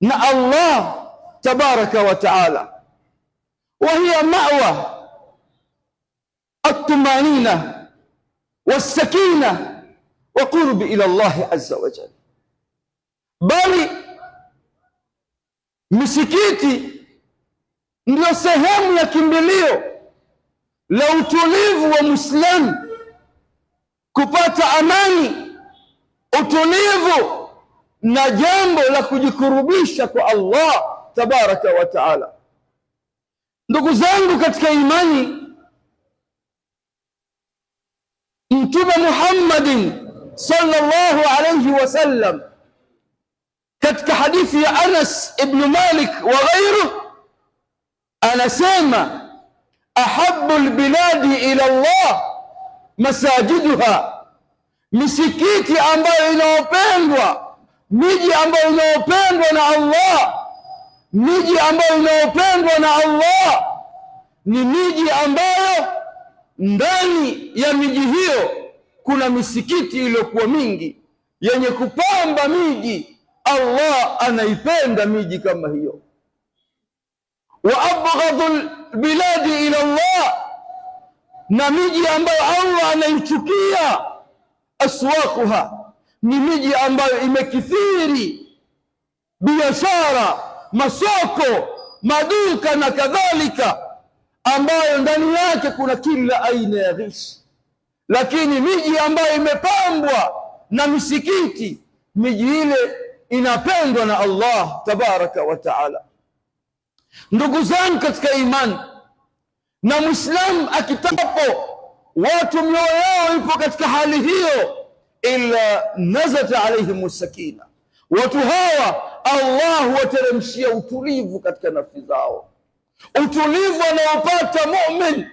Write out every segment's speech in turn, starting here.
na Allah tabaraka wa taala, wa hiya mawa atumanina wasakina wa qurbi ila Allahi azza wa jalla. Bali misikiti ndio sehemu ya kimbilio la utulivu wa Muislamu kupata amani, utulivu na jambo la kujikurubisha kwa Allah tabaraka wa taala. Ndugu zangu katika imani, Mtume Muhammadin sallallahu alayhi wasallam katika hadithi ya Anas ibn Malik wa ghairuh anasema, ahabbu albiladi ila Allah masajiduha, misikiti ambayo inaopendwa miji ambayo inayopendwa na Allah, miji ambayo inayopendwa na Allah ni miji ambayo ndani ya miji hiyo kuna misikiti iliyokuwa mingi yenye kupamba miji. Allah anaipenda miji kama hiyo. wa abghadhu biladi ila Allah, na miji ambayo Allah anaichukia aswaquha ni miji ambayo imekithiri biashara, masoko, maduka na kadhalika, ambayo ndani yake kuna kila aina ya ghishi. Lakini miji ambayo imepambwa na misikiti, miji ile inapendwa na Allah tabaraka wa taala. Ndugu zangu katika imani, na Muislamu akitapo watu mioyo yao ipo katika hali hiyo illa nazat alaihim sakina, watu hawa Allah huwateremshia utulivu katika nafsi zao. Utulivu anaopata mumin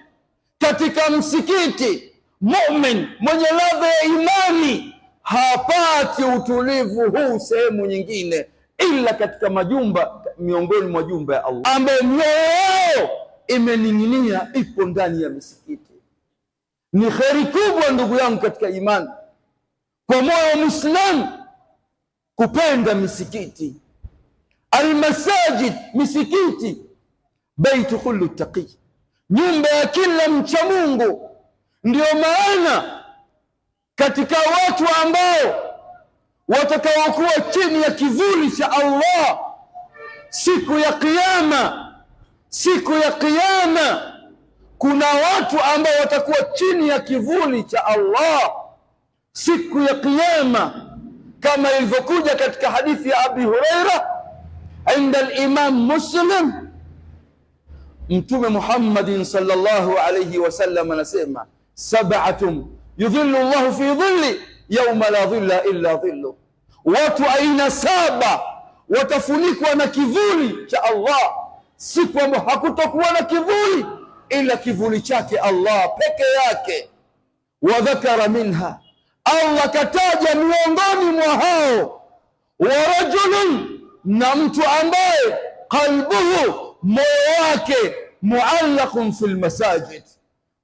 katika msikiti, mumin mwenye ladha ya imani hapati utulivu huu sehemu nyingine, ila katika majumba miongoni mwa jumba ya Allah, ambayo mioyo yao imening'inia ipo ndani ya misikiti. Ni kheri kubwa, ndugu yangu katika imani kwa moyo wa Muislamu kupenda misikiti, almasajid, misikiti, baitu kullu taqi, nyumba ya kila mcha Mungu. Ndiyo maana katika watu ambao watakaokuwa chini ya kivuli cha Allah siku ya Kiyama, siku ya Kiyama kuna watu ambao watakuwa chini ya kivuli cha Allah siku ya Kiyama, kama ilivyokuja katika hadithi ya Abi Huraira inda al-Imam Muslim, Mtume Muhammadin sallallahu alayhi wasallam anasema sab'atun yudhillu Allahu fi dhilli yawma la dhilla illa dhillu, watu aina saba watafunikwa na kivuli cha Allah siku ambayo hakutokuwa na kivuli ila kivuli chake Allah peke yake. Wa dhakara minha Allah kataja miongoni mwa hao wa rajulun, na mtu ambaye qalbuhu, moyo wake muallaqun fil masajid,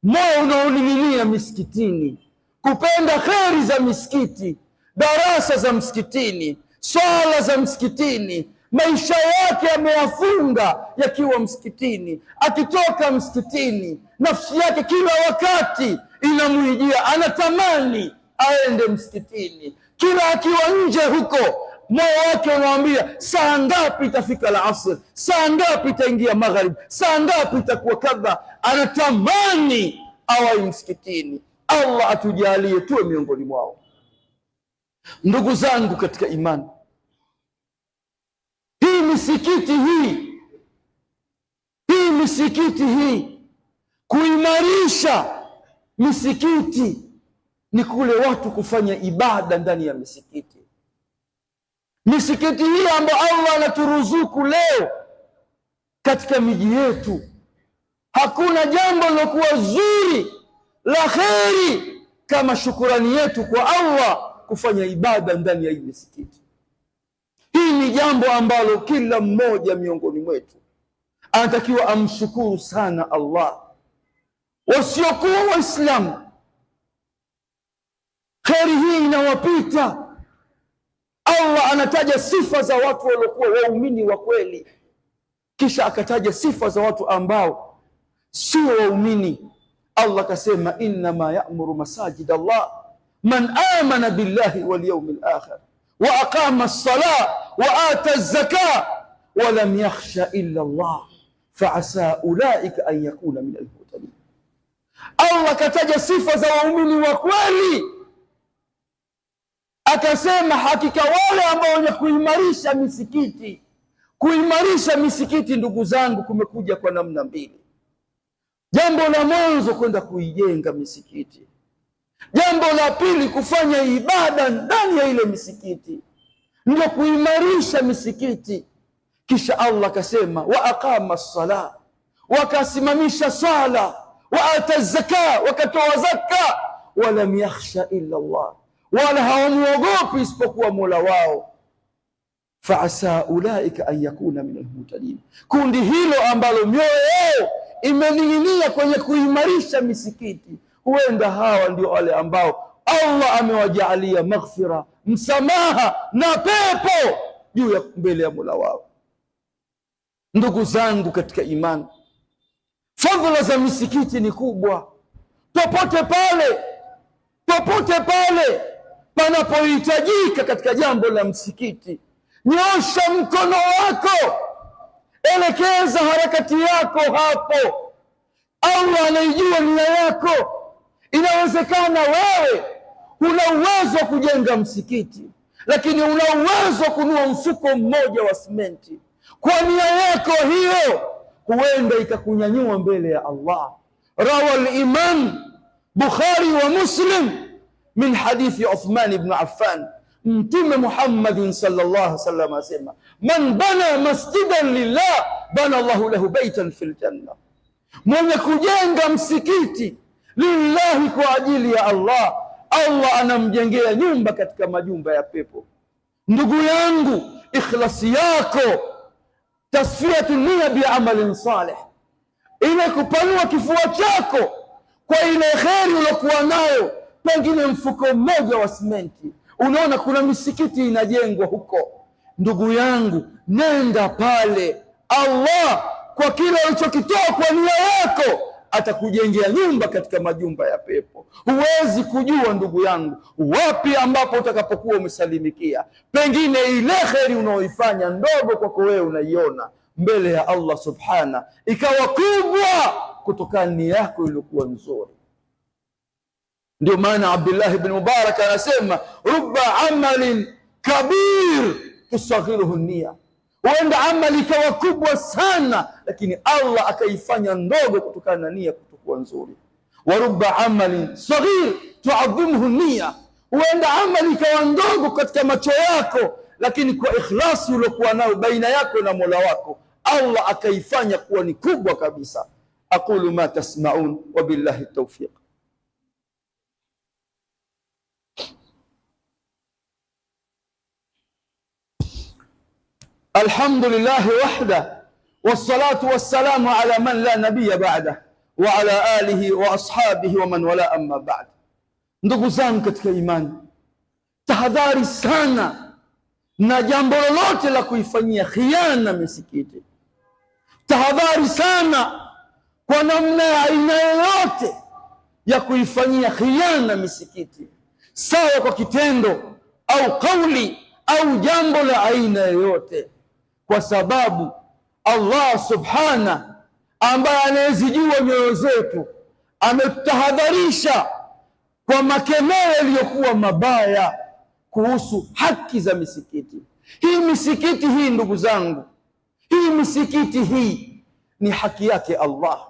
moyo unaoning'inia misikitini, kupenda kheri za misikiti, darasa za msikitini, swala za msikitini maisha yake ameyafunga yakiwa msikitini, akitoka msikitini, nafsi yake kila wakati inamwijia, anatamani aende msikitini. Kila akiwa nje huko moyo wake unawambia saa ngapi itafika la asr, saa ngapi itaingia magharib, saa ngapi itakuwa kadha. Anatamani awai msikitini. Allah atujalie tuwe miongoni mwao. Ndugu zangu katika imani, hii misikiti hii hii misikiti hii kuimarisha misikiti ni kule watu kufanya ibada ndani ya misikiti. Misikiti hii ambayo Allah anaturuzuku leo katika miji yetu, hakuna jambo lilokuwa zuri la kheri kama shukurani yetu kwa Allah kufanya ibada ndani ya hii misikiti. Hii ni jambo ambalo kila mmoja miongoni mwetu anatakiwa amshukuru sana Allah, wasiokuwa Waislamu Kheri hii inawapita. Allah anataja sifa za watu waliokuwa waumini wa kweli, kisha akataja sifa za watu ambao sio waumini. Allah akasema, innama ya'muru masajid Allah man amana billahi wal yawmil akhir wa aqama as sala wa ata az zaka wa lam yakhsha illa Allah fa asa ulaika an yakuna min al-muhtadin. Allah akataja sifa za waumini wa kweli akasema hakika wale ambao wenye kuimarisha misikiti. Kuimarisha misikiti, ndugu zangu, kumekuja kwa namna mbili. Jambo la mwanzo kwenda kuijenga misikiti, jambo la pili kufanya ibada ndani ya ile misikiti, ndio kuimarisha misikiti. Kisha Allah akasema wa aqama sala wakasimamisha swala, wa ata zaka, wakatoa zaka, walam yakhsha illa Allah wala hawamwogopi isipokuwa mola wao. fa asa ulaika an yakuna min almuhtadin, kundi hilo ambalo mioyo yao imening'inia kwenye kuimarisha misikiti, huenda hawa ndio wale ambao Allah amewajaalia maghfira, msamaha na pepo juu ya mbele ya mola wao. Ndugu zangu katika imani, fadhila za misikiti ni kubwa. Popote pale, popote pale panapohitajika katika jambo la msikiti. Nyosha mkono wako, elekeza harakati yako hapo. Allah anaijua nia yako. Inawezekana wewe una uwezo wa kujenga msikiti, lakini una uwezo wa kunua mfuko mmoja wa simenti. Kwa nia yako hiyo, huenda ikakunyanyua mbele ya Allah. Rawa al-Imam Bukhari wa Muslim min hadithi Uthman ibn Affan, Mtume Muhammadin sallallahu alaihi wasallam asema, man bana masjidan lillah bana Allahu lahu baitan fil janna, mwenye kujenga msikiti lillahi, kwa ajili ya Allah, Allah anamjengea nyumba katika majumba ya pepo. Ndugu yangu, ikhlasi yako tasfiyatu nia amalin saleh, ile kupanua kifua chako kwa ile kheri uliokuwa nayo pengine mfuko mmoja wa simenti. Unaona kuna misikiti inajengwa huko, ndugu yangu, nenda pale. Allah kwa kile ulichokitoa kwa nia yako atakujengea nyumba katika majumba ya pepo. Huwezi kujua ndugu yangu, wapi ambapo utakapokuwa umesalimikia. Pengine ile kheri unaoifanya ndogo kwako wewe unaiona mbele ya Allah subhana, ikawa kubwa kutokana nia yako iliyokuwa nzuri. Ndio maana Abdullah ibn Mubarak anasema ruba amalin kabir tusaghiruhu nia, huenda amali ikawa kubwa sana, lakini Allah akaifanya ndogo kutokana na nia kutokuwa nzuri. Wa ruba amalin saghir tuadhimuhu nia, huenda amali ikawa ndogo katika macho yako, lakini kwa ikhlasi uliokuwa nayo baina yako na mola wako Allah akaifanya kuwa ni kubwa kabisa. aqulu ma tasmaun wa billahi tawfiq alhamdulillahi wahda wassalatu wassalamu ala man la nabiya ba'da wa ala alihi wa ashabihi wa man wala amma ba'd. Ndugu zangu katika imani, tahadhari sana na jambo lolote la kuifanyia khiana misikiti. Tahadhari sana kwa namna ya aina yoyote ya kuifanyia khiana misikiti, sawa kwa kitendo au kauli au jambo la aina yoyote kwa sababu Allah subhana ambaye anayezijua nyoyo zetu ametutahadharisha kwa makemeo yaliyokuwa mabaya kuhusu haki za misikiti hii. Misikiti hii ndugu zangu, hii misikiti hii ni haki yake Allah.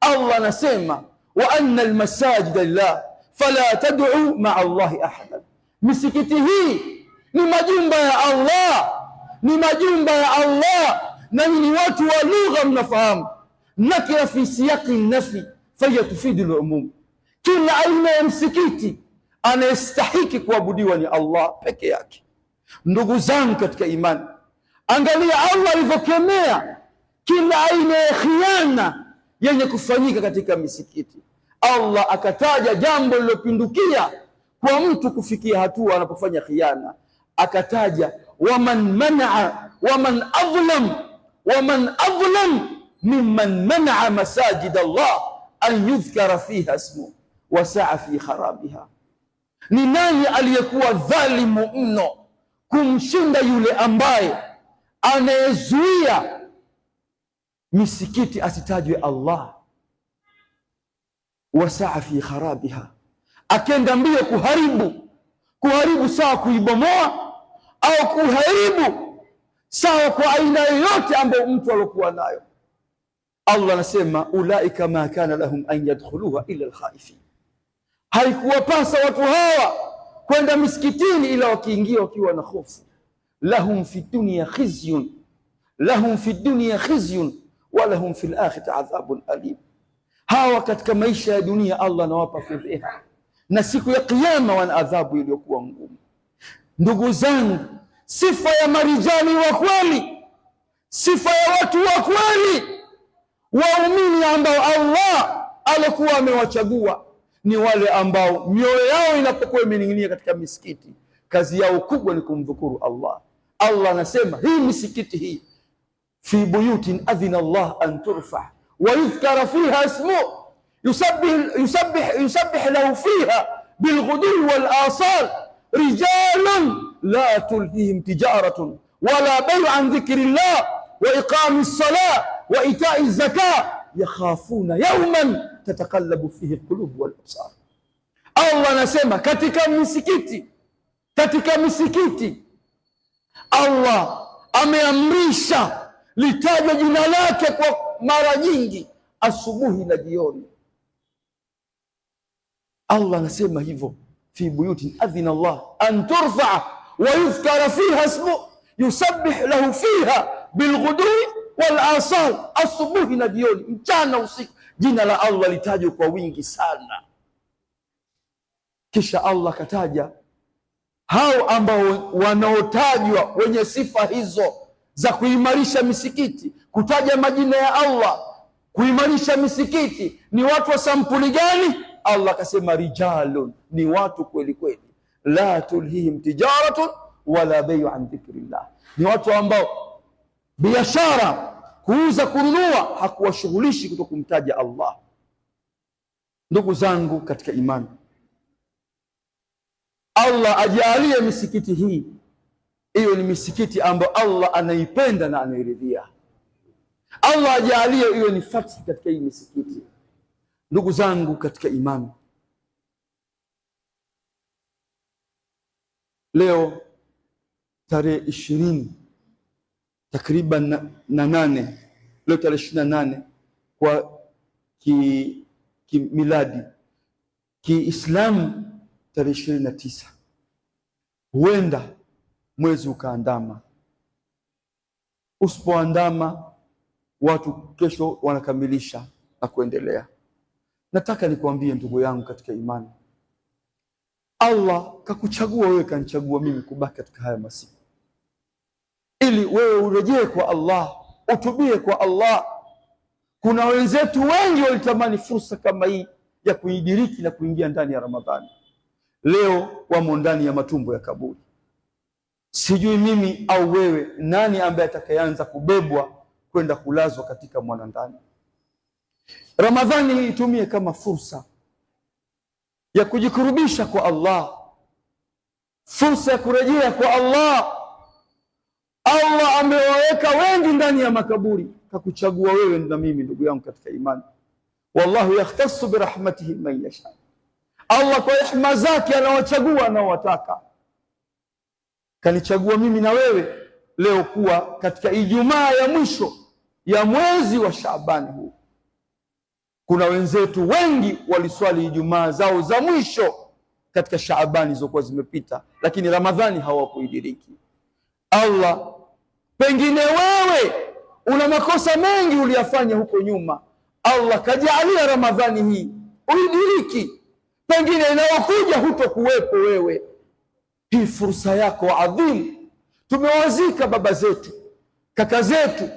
Allah anasema wa anna almasajida lillah fala tad'u ma'a Allahi ahada. Misikiti hii ni majumba ya Allah ni majumba ya Allah na ni watu wa lugha mnafahamu. Nakira fi siyaqi nafi faya tufidi lumum, kila aina ya msikiti anayestahiki kuabudiwa ni Allah peke yake. Ndugu zangu katika imani, angalia Allah alivyokemea kila aina ya khiana yenye kufanyika katika misikiti. Allah akataja jambo lilopindukia kwa mtu kufikia hatua anapofanya khiana, akataja waman manaa waman adhlam waman adhlam mimman manaa masajid Allah an yudhkara fiha smu wasaa fi kharabiha. Ni nani aliyekuwa dhalimu mno kumshinda yule ambaye anayezuia misikiti asitajwe Allah, wasaa fi kharabiha, akenda mbio kuharibu kuharibu, sawa kuibomoa au kuharibu sawa kwa aina yoyote ambayo mtu aliokuwa nayo. Allah anasema ulaika ma kana lahum an yadkhuluha illa alkhaifin, haikuwapasa watu hawa kwenda misikitini ila wakiingia wakiwa na hofu. lahum fi dunya khizyun, lahum fi dunya khizyun wa lahum fil akhirati adhabun alim. Hawa katika maisha ya dunia Allah anawapa fedheha na siku ya Kiyama wana adhabu iliyokuwa ngumu. Ndugu zangu, sifa ya marijali wa kweli, sifa ya watu wa kweli, waumini ambao Allah alikuwa amewachagua ni wale ambao mioyo yao inapokuwa imening'inia katika misikiti, kazi yao kubwa ni kumdhukuru Allah. Allah anasema hii misikiti hii, fi buyutin adhina Allah an turfa wa yudhkara fiha ismuhu yusabbih lahu fiha bilghudui wal asal rijalun la tulhihim tijaratun wala bayu an dhikrillah wa iqami lsala wa itai zaka yakhafuna yauman tatakallabu fihi lqulubu walabsar. Allah anasema katika misikiti, katika misikiti Allah ameamrisha litajwe jina lake kwa mara nyingi, asubuhi na jioni. Allah anasema hivyo fi buyutin adhina Allah an turfaa wa yudhkara fiha ismu yusabbih lahu fiha bilghudui wal asal, asubuhi na jioni, mchana usiku, jina la Allah litajwe kwa wingi sana. Kisha Allah kataja hao ambao wanaotajwa wenye sifa hizo za kuimarisha misikiti, kutaja majina ya Allah, kuimarisha misikiti, ni watu wa sampuli gani? Allah akasema rijalun, ni watu kweli kweli, la tulhihim tijaratun wala bayu an dhikrillah, ni watu ambao biashara kuuza kununua hakuwashughulishi kuto kumtaja Allah. Ndugu zangu katika imani, Allah ajalie misikiti hii hiyo ni misikiti ambayo Allah anaipenda na anairidhia. Allah ajalie hiyo ni fathi katika hii misikiti. Ndugu zangu katika imani, leo tarehe ishirini takriban na, na nane leo tarehe ishirini na nane kwa kimiladi ki Kiislamu tarehe ishirini na tisa huenda mwezi ukaandama. Usipoandama watu kesho wanakamilisha na kuendelea. Nataka nikuambie ndugu yangu katika imani, Allah kakuchagua wewe, kanichagua mimi kubaki katika haya masiku, ili wewe urejee kwa Allah, utubie kwa Allah. Kuna wenzetu wengi walitamani fursa kama hii ya kuidiriki na kuingia ndani ya Ramadhani, leo wamo ndani ya matumbo ya kaburi. Sijui mimi au wewe, nani ambaye atakayeanza kubebwa kwenda kulazwa katika mwanandani? Ramadhani hii itumie kama fursa ya kujikurubisha kwa Allah, fursa ya kurejea kwa Allah. Allah amewaweka wengi ndani ya makaburi, kakuchagua wewe na mimi, ndugu yangu katika imani. Wallahu yakhtassu birahmatihi man yasha, Allah kwa rehema zake anawachagua anaowataka. Kanichagua mimi na wewe leo kuwa katika Ijumaa ya mwisho ya mwezi wa Shaabani huu kuna wenzetu wengi waliswali Ijumaa zao za mwisho katika Shaabani zilizokuwa zimepita, lakini Ramadhani hawakuidiriki. Allah, pengine wewe una makosa mengi uliyafanya huko nyuma, Allah kajaalia Ramadhani hii uidiriki, pengine inayokuja hutokuwepo wewe. Hii fursa yako adhimu. Tumewazika baba zetu, kaka zetu,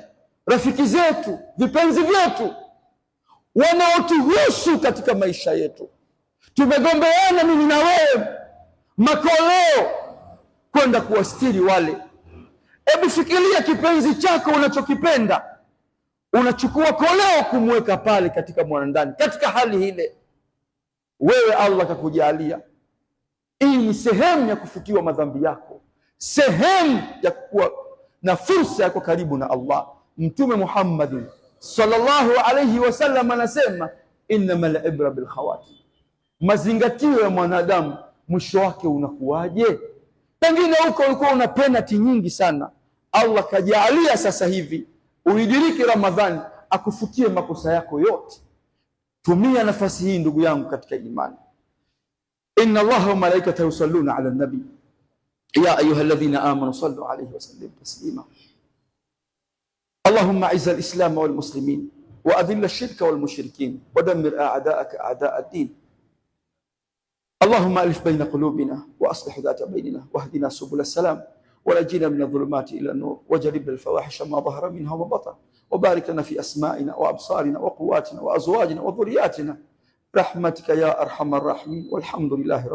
rafiki zetu, vipenzi vyetu wanaotuhusu katika maisha yetu. Tumegombeana mimi na wewe makoleo kwenda kuwastiri wale. Hebu fikiria kipenzi chako unachokipenda, unachukua koleo kumweka pale katika mwanandani, katika hali ile wewe Allah kakujalia Hii ni sehemu ya kufutiwa madhambi yako, sehemu ya kuwa na fursa yako karibu na Allah. Mtume Muhammadin sallallahu alayhi wasallam anasema innamal ibra bil mazingatio ya mwanadamu mwisho wake unakuwaje? Pengine huko ulikuwa una penati nyingi sana, Allah kajaalia sasa hivi uidiriki Ramadhani akufutie makosa yako yote. Tumia nafasi hii ndugu yangu katika imani. inna Allaha wa malaikata yusalluna ala nabi ya ayuha alladhina amanu sallu alayhi wa sallimu taslima اللهم اعز الاسلام والمسلمين واذل الشرك والمشركين ودمر اعداءك اعداء الدين اللهم الف بين قلوبنا واصلح ذات بيننا واهدنا سبل السلام ونجينا من الظلمات الى النور وجنبنا الفواحش ما ظهر منها وما بطن وبارك لنا في اسمائنا وابصارنا وقواتنا وازواجنا وذرياتنا برحمتك يا ارحم الراحمين والحمد لله رب